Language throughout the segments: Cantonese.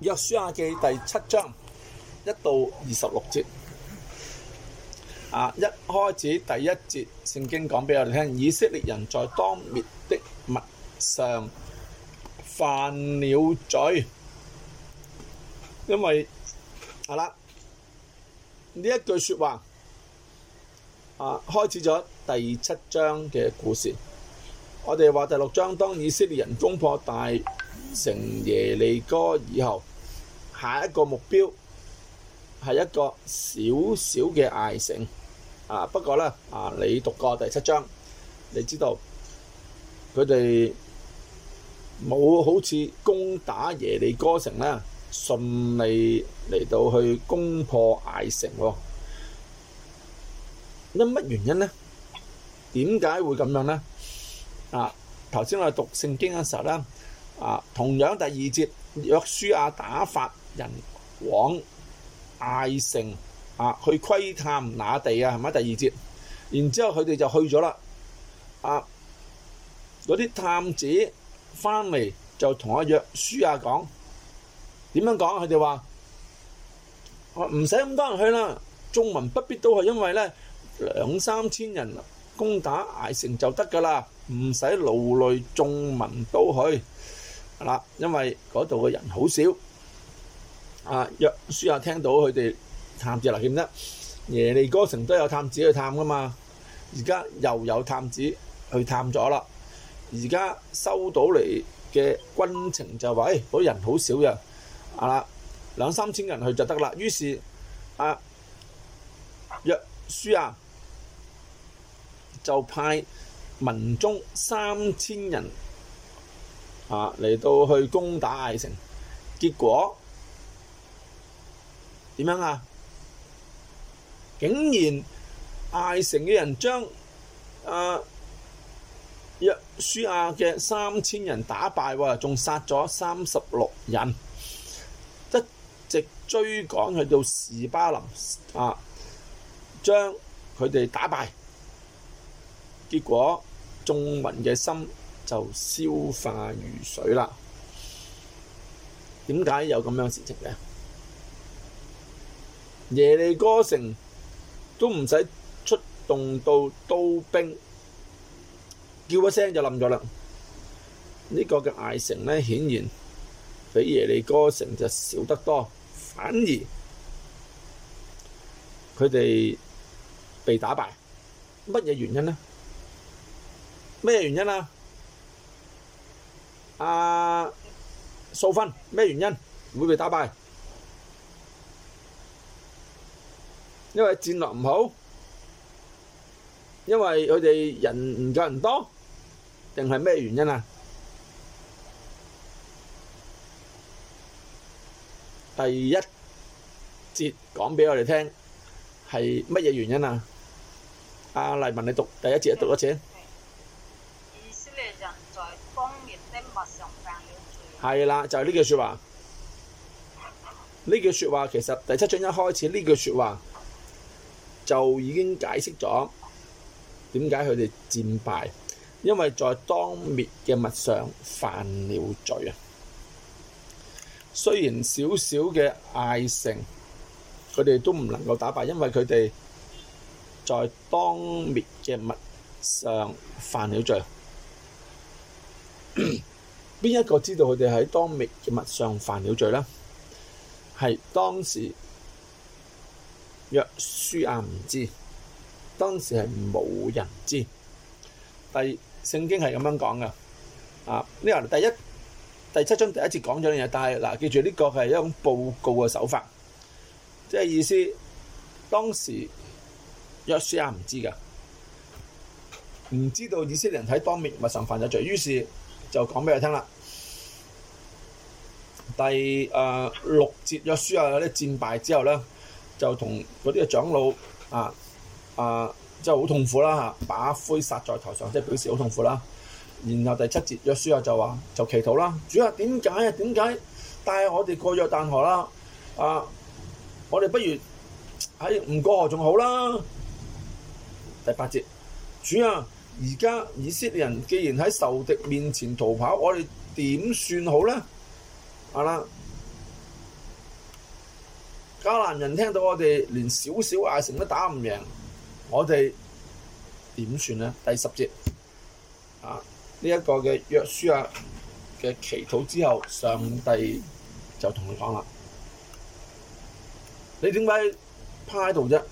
約書亞記第七章一到二十六節，啊、uh，一開始第一節，聖經講俾我哋聽，以色列人在當滅的物上犯了罪，因為係啦，呢、uh, 一句說話啊，uh, 開始咗第七章嘅故事。我哋話第六章當以色列人攻破大成耶利哥以後，下一個目標係一個小小嘅艾城。啊，不過咧，啊，你讀過第七章，你知道佢哋冇好似攻打耶利哥城啦，順利嚟到去攻破艾城。因乜原因咧？點解會咁樣咧？啊，頭先我哋讀聖經嘅時候咧。啊、同樣第二節，約書亞打發人往艾城啊，去窺探那地啊，係咪第二節？然之後佢哋就去咗啦。嗰、啊、啲探子返嚟就同阿約書亞講點樣講？佢哋話：唔使咁多人去啦，眾民不必都去，因為呢兩三千人攻打艾城就得㗎啦，唔使勞累眾民都去。係啦，因為嗰度嘅人好少。啊，約書亞聽到佢哋探子啦，記得耶利哥城都有探子去探㗎嘛。而家又有探子去探咗啦。而家收到嚟嘅軍情就話，誒，嗰人好少嘅。係啦，兩三千人去就得啦。於是，啊，約書亞就派民中三千人。啊！嚟到去攻打艾城，結果點樣啊？竟然艾城嘅人將阿約書亞嘅三千人打敗喎，仲殺咗三十六人，一直追趕去到士巴林啊，將佢哋打敗，結果眾民嘅心。就消化如水啦。點解有咁樣事情呢？耶利哥城都唔使出動到刀兵，叫一聲就冧咗啦。呢個嘅艾城呢，顯然比耶利哥城就少得多，反而佢哋被打敗。乜嘢原因呢？乜嘢原因呀？啊，數分咩原因會被打敗？因為戰略唔好，因為佢哋人唔夠人多，定係咩原因啊？第一節講俾我哋聽係乜嘢原因啊？阿黎文你讀第一節讀多謝。係啦，就係、是、呢句說話。呢句說話其實第七章一開始呢句說話就已經解釋咗點解佢哋戰敗，因為在當滅嘅物上犯了罪啊。雖然少少嘅艾城，佢哋都唔能夠打敗，因為佢哋在當滅嘅物上犯了罪。 邊一個知道佢哋喺當滅嘅物上犯了罪咧？係當時約書亞唔知，當時係無人知。第聖經係咁樣講噶啊呢個第一第七章第一次講咗呢樣嘢，但係嗱，記住呢個係一種報告嘅手法，即係意思當時約書亞唔知噶唔知道以色列人喺當滅物上犯咗罪，於是。就講俾佢聽啦，第誒、呃、六節約書亞有啲戰敗之後咧，就同嗰啲嘅長老啊啊，即係好痛苦啦吓，把灰撒在頭上，即係表示好痛苦啦。然後第七節約書亞，就話，就祈禱啦，主啊，點解啊，點解帶我哋過約旦河啦？啊，我哋不如喺唔過河仲好啦。第八節，主啊。而家以色列人既然喺仇敵面前逃跑，我哋點算好呢？啊啦，迦南人聽到我哋連少少艾城都打唔贏，我哋點算呢？第十節啊，呢、這、一個嘅約書亞、啊、嘅祈禱之後，上帝就同佢講啦：你點解趴喺度啫？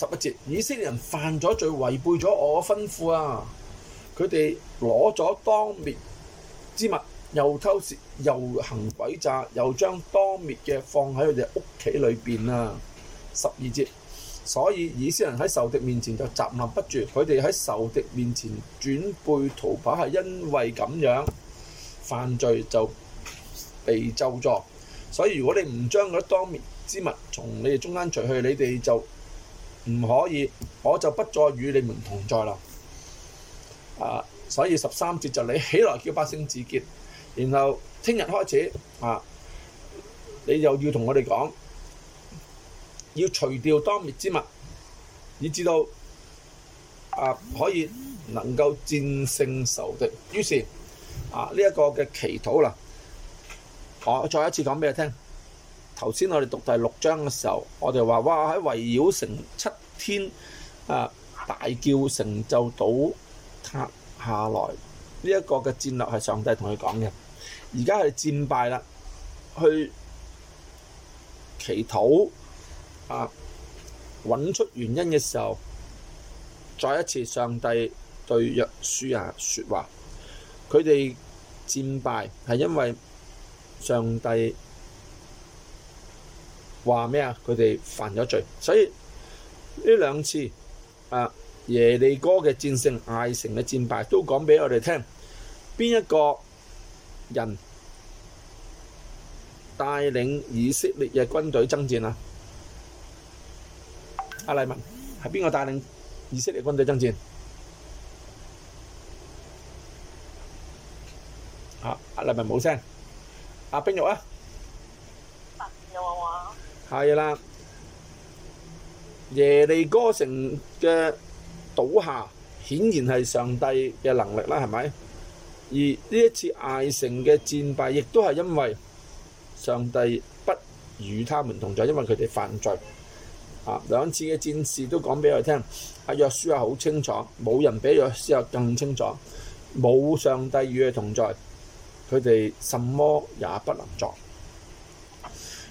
十一節，以色列人犯咗罪，違背咗我吩咐啊！佢哋攞咗當滅之物，又偷竊，又行詭詐，又將當滅嘅放喺佢哋屋企裏邊啊！十二節，所以以色列人喺仇敵面前就站立不住，佢哋喺仇敵面前轉背逃跑，係因為咁樣犯罪就被咒咗。所以如果你唔將嗰啲當滅之物從你哋中間除去，你哋就～唔可以，我就不再與你們同在啦。啊，所以十三節就你起來叫百姓自潔，然後聽日開始啊，你又要同我哋講，要除掉當滅之物，以至到啊可以能夠戰勝仇敵。於是啊呢一個嘅祈禱啦，啊，我再一次講俾你聽。頭先我哋讀第六章嘅時候，我哋話：哇！喺圍繞城七天啊，大叫城就倒塌下來呢一，這個嘅戰略係上帝同佢講嘅。而家係戰敗啦，去祈禱啊，揾出原因嘅時候，再一次上帝對約書亞、啊、説話：佢哋戰敗係因為上帝。話咩啊？佢哋犯咗罪，所以呢兩次，誒耶利哥嘅戰勝，艾城嘅戰敗，都講俾我哋聽，邊一個人帶領以色列嘅軍隊征戰啊？阿黎文係邊個帶領以色列軍隊征戰？好，阿黎文冇聲，阿冰玉啊？係啦，耶利哥城嘅倒下，顯然係上帝嘅能力啦，係咪？而呢一次艾城嘅戰敗，亦都係因為上帝不與他們同在，因為佢哋犯罪。啊，兩次嘅戰事都講俾佢聽，阿約書亞好清楚，冇人比約書亞更清楚。冇上帝與佢同在，佢哋什麼也不能做。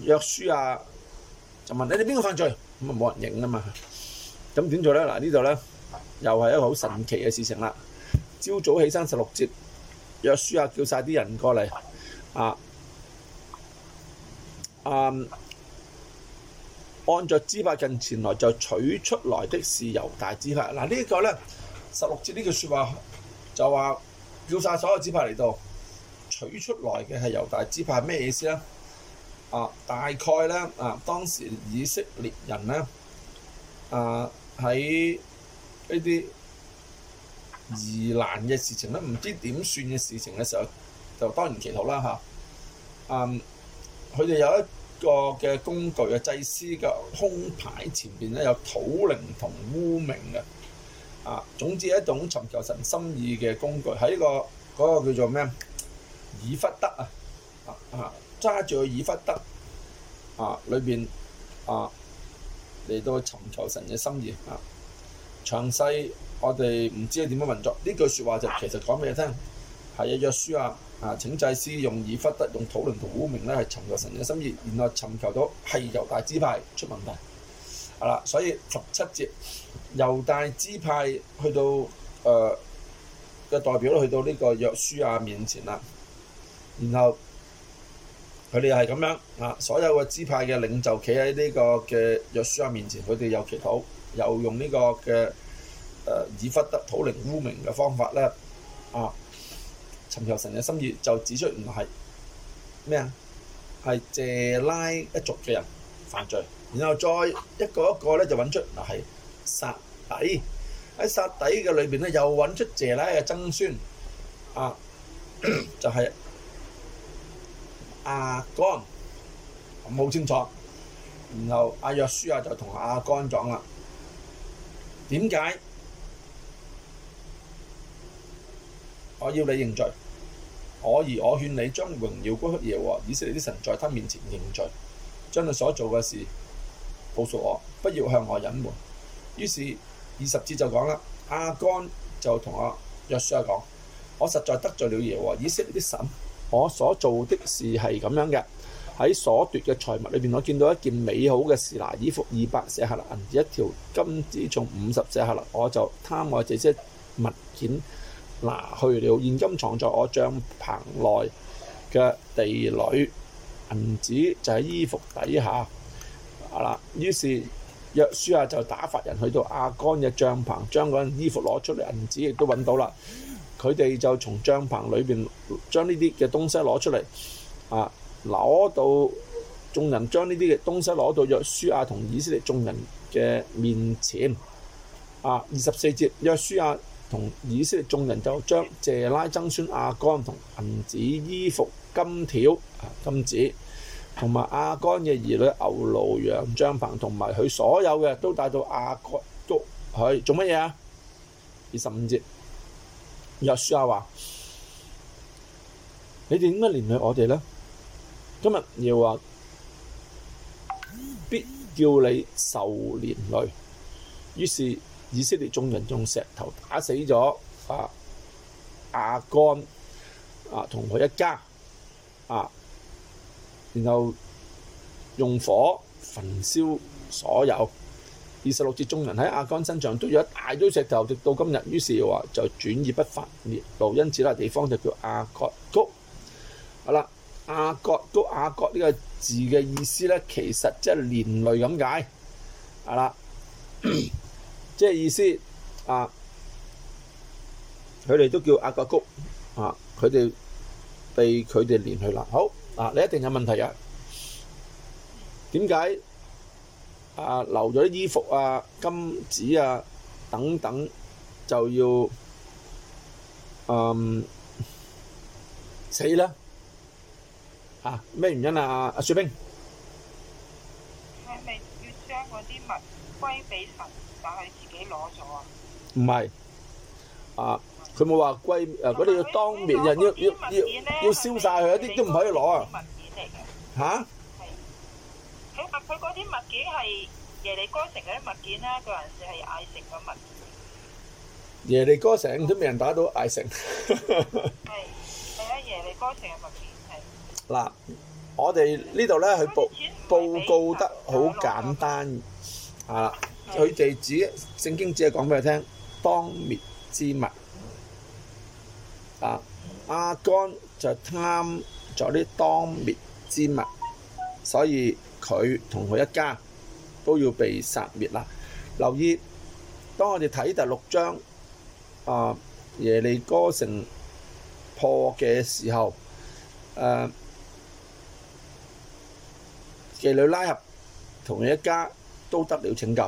約書亞、啊、就問：你哋邊個犯罪？咁啊，冇人認啊嘛。咁點做咧？嗱，呢度咧又係一個好神奇嘅事情啦。朝早起身十六節，約書亞、啊、叫晒啲人過嚟啊！啊，按着支派近前來，就取出來的是猶大支派。嗱、啊，這個、呢一個咧，十六節呢句説話就話叫晒所有支派嚟到，取出來嘅係猶大支派係咩意思咧？啊，大概咧啊，當時以色列人咧啊喺呢啲疑難嘅事情咧，唔知點算嘅事情嘅時候，就當然祈禱啦嚇。嗯、啊，佢哋有一個嘅工具嘅祭司嘅胸牌前邊咧有土靈同烏明嘅。啊，總之係一種尋求神心意嘅工具，喺個嗰、那個叫做咩啊？以弗得啊啊！揸住以弗得，啊，裏邊啊嚟到尋求神嘅心意啊，詳細我哋唔知係點樣運作，呢句說話就其實講俾你聽，係啊約書亞啊，啊，請祭司用以弗得，用土靈同烏名咧係尋求神嘅心意，然後尋求到係猶大支派出問題，係、啊、啦，所以十七節猶大支派去到誒嘅、呃、代表咧去到呢個約書亞面前啦、啊，然後。佢哋係咁樣啊！所有嘅支派嘅領袖企喺呢個嘅約書亞面前，佢哋又祈禱，又用呢個嘅誒以弗得土靈污名嘅方法咧啊，尋求神嘅心意，就指出唔係咩啊，係謝拉一族嘅人犯罪，然後再一個一個咧就揾出，嗱係撒底，喺撒底嘅裏邊咧又揾出謝拉嘅曾孫啊，就係。阿干冇清楚，然後阿約書亞就同阿干講啦：點解我要你認罪？我兒我勸你將榮耀歸給耶和以色列啲神，在他面前認罪，將你所做嘅事告訴我，不要向我隱瞞。於是二十節就講啦，阿干就同阿約書亞講：我實在得罪了耶和以色列啲神。我所做的事係咁樣嘅，喺所奪嘅財物裏邊，我見到一件美好嘅示拿，衣服二百舍客勒啦，銀子一條金子重五十舍客勒啦，我就貪愛這些物件拿去了，現今藏在我帳棚內嘅地裏，銀子就喺衣服底下，係。於是約書亞就打發人去到亞干嘅帳棚，將嗰件衣服攞出嚟，銀子亦都揾到啦。佢哋就從帳棚裏邊。將呢啲嘅東西攞出嚟，啊，攞到眾人將呢啲嘅東西攞到約書亞同以色列眾人嘅面前，啊，二十四節約書亞同以色列眾人就將謝拉曾孫亞干同銀子衣服金條、啊、金子，同埋亞干嘅兒女牛驢羊帳篷同埋佢所有嘅都帶到亞割谷去做乜嘢啊？二十五節約書亞話。你哋點解連累我哋咧？今日又話必叫你受連累，於是以色列眾人用石頭打死咗啊亞幹啊，同佢一家啊，然後用火焚燒所有。二十六節眾人喺亞幹身上都有一大堆石頭，直到今日。於是話就轉意不發烈怒，因此呢個地方就叫亞割谷。好啦，亞割谷，亞割呢個字嘅意思咧，其實即係連累咁解，啊啦，即係意思啊，佢哋都叫亞割谷啊，佢哋被佢哋連累啦。好啊，你一定有問題啊？點解啊留咗啲衣服啊、金子啊等等就要嗯死咧？啊，咩原因啊？阿雪冰，係咪要將嗰啲物歸俾神，但係自己攞咗啊？唔係，啊，佢冇話歸，啊，嗰啲要當滅，要要要要燒晒佢，一啲都唔可以攞啊！物件嚟嘅？吓？係，佢佢嗰啲物件係耶利哥城嗰啲物件啦，佢係係艾城嘅物。耶利哥城都未人打到艾城。係係啊，耶利哥城嘅物。嗱，我哋呢度咧，佢報報告得好簡單，啊！佢哋只聖經只係講俾佢聽，當滅之物，啊！亞干就貪咗啲當滅之物，所以佢同佢一家都要被殺滅啦。留意，當我哋睇第六章啊，耶利哥城破嘅時候，誒。妓女拉合同佢一家都得了拯救，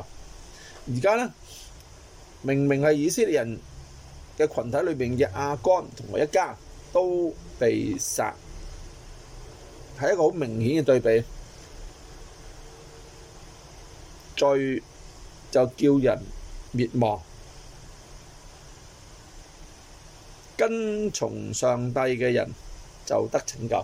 而家呢，明明係以色列人嘅羣體裏面嘅亞干同佢一家都被殺，係一個好明顯嘅對比。罪就叫人滅亡，跟從上帝嘅人就得拯救。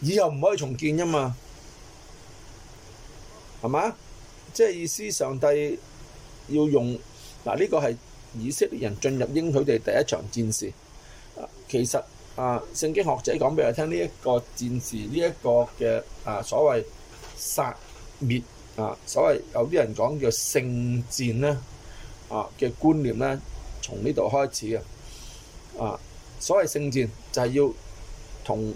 以後唔可以重建啊嘛，係嘛？即係意思上帝要用，嗱呢個係以色列人進入應許地第一場戰事。其實啊，聖經學者講俾我聽，呢一個戰事，呢一個嘅啊所謂殺滅啊，所謂有啲人講叫聖戰咧啊嘅觀念咧，從呢度開始嘅啊，所謂聖戰就係要同。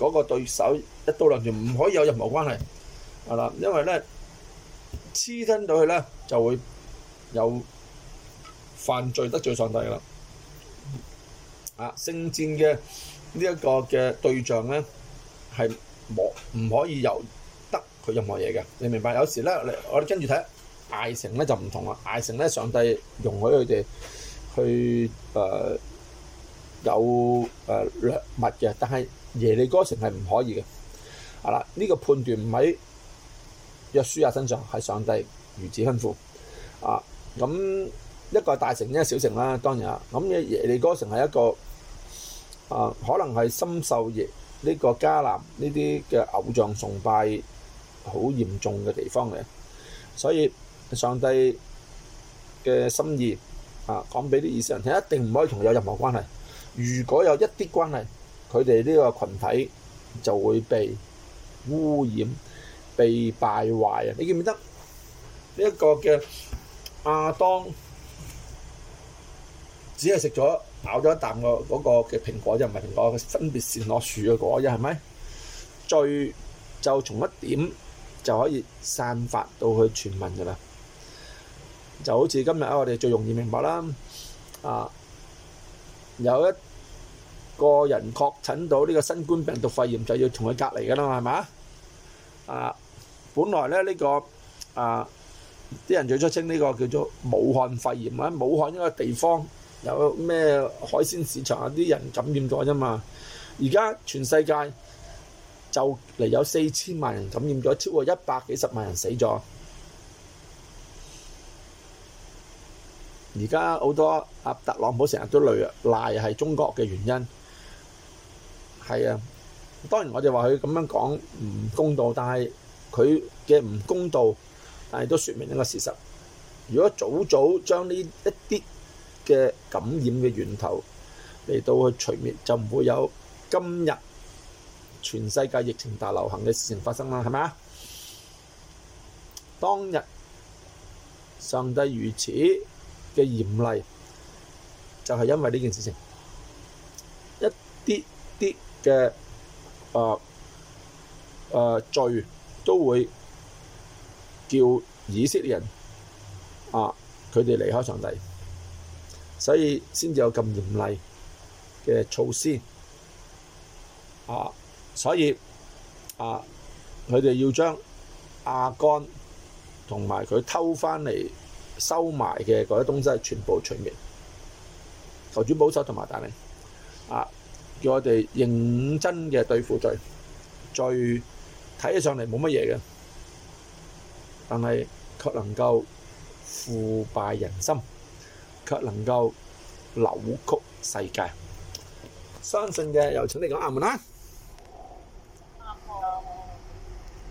嗰個對手一刀兩斷，唔可以有任何關係，係啦，因為咧黐親到佢咧就會有犯罪得罪上帝噶啦，啊，聖戰嘅呢一個嘅對象咧係冇唔可以由得佢任何嘢嘅，你明白？有時咧，我哋跟住睇艾城咧就唔同啦，艾城咧上帝容許佢哋去誒有誒掠物嘅，但係。耶利哥城係唔可以嘅，係啦，呢個判斷唔喺約書亞身上，係上帝如此吩咐。啊，咁一個大城，一個小城啦，當然啦。咁耶利哥城係一個啊，可能係深受耶呢個迦南呢啲嘅偶像崇拜好嚴重嘅地方嚟，所以上帝嘅心意啊，講俾啲以色列人聽，一定唔可以同佢有任何關係。如果有一啲關係，佢哋呢個羣體就會被污染、被敗壞啊！你記唔記得呢一個嘅亞當只係食咗咬咗一啖個嗰個嘅蘋果啫，唔係蘋果，佢分別是攞樹嘅果啫，係咪？最就從一點就可以散發到去全民噶啦，就好似今日啊，我哋最容易明白啦啊，有一個人確診到呢個新冠病毒肺炎，就要同佢隔離㗎喇，係咪？啊，本來咧呢個啊啲人最初稱呢個叫做武漢肺炎，喺武漢一個地方有咩海鮮市場，有啲人感染咗啫嘛。而家全世界就嚟有四千萬人感染咗，超過一百幾十萬人死咗。而家好多阿特朗普成日都累賴係中國嘅原因。係啊，當然我哋話佢咁樣講唔公道，但係佢嘅唔公道，但係都說明一個事實：如果早早將呢一啲嘅感染嘅源頭嚟到去除滅，就唔會有今日全世界疫情大流行嘅事情發生啦，係咪啊？當日上帝如此嘅嚴厲，就係因為呢件事情一啲啲。嘅誒誒罪都會叫以色列人啊，佢哋離開場地，所以先至有咁嚴厲嘅措施啊，所以啊，佢哋要將亞干同埋佢偷翻嚟收埋嘅嗰啲東西全部除滅，求主保守同埋帶領啊！叫我哋認真嘅對付罪，罪睇起上嚟冇乜嘢嘅，但係卻能夠腐敗人心，卻能夠扭曲世界。相信嘅又請你講阿門啦。